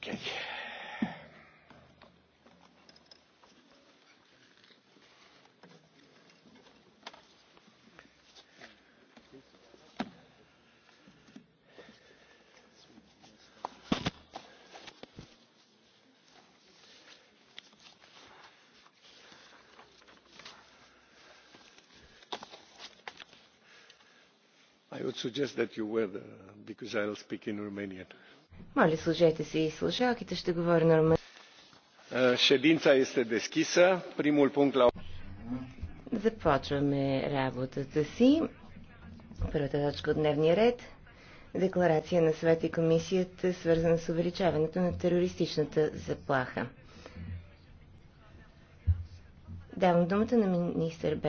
Okay. I would suggest that you wear the because I'll speak in Romanian. Моля, служете си и слушалките, ще говоря нормално. е сте дескиса. Примул пункт la... Започваме работата си. Първата точка от дневния ред – декларация на Свет и комисията, свързана с увеличаването на терористичната заплаха. Давам думата на министър Бе.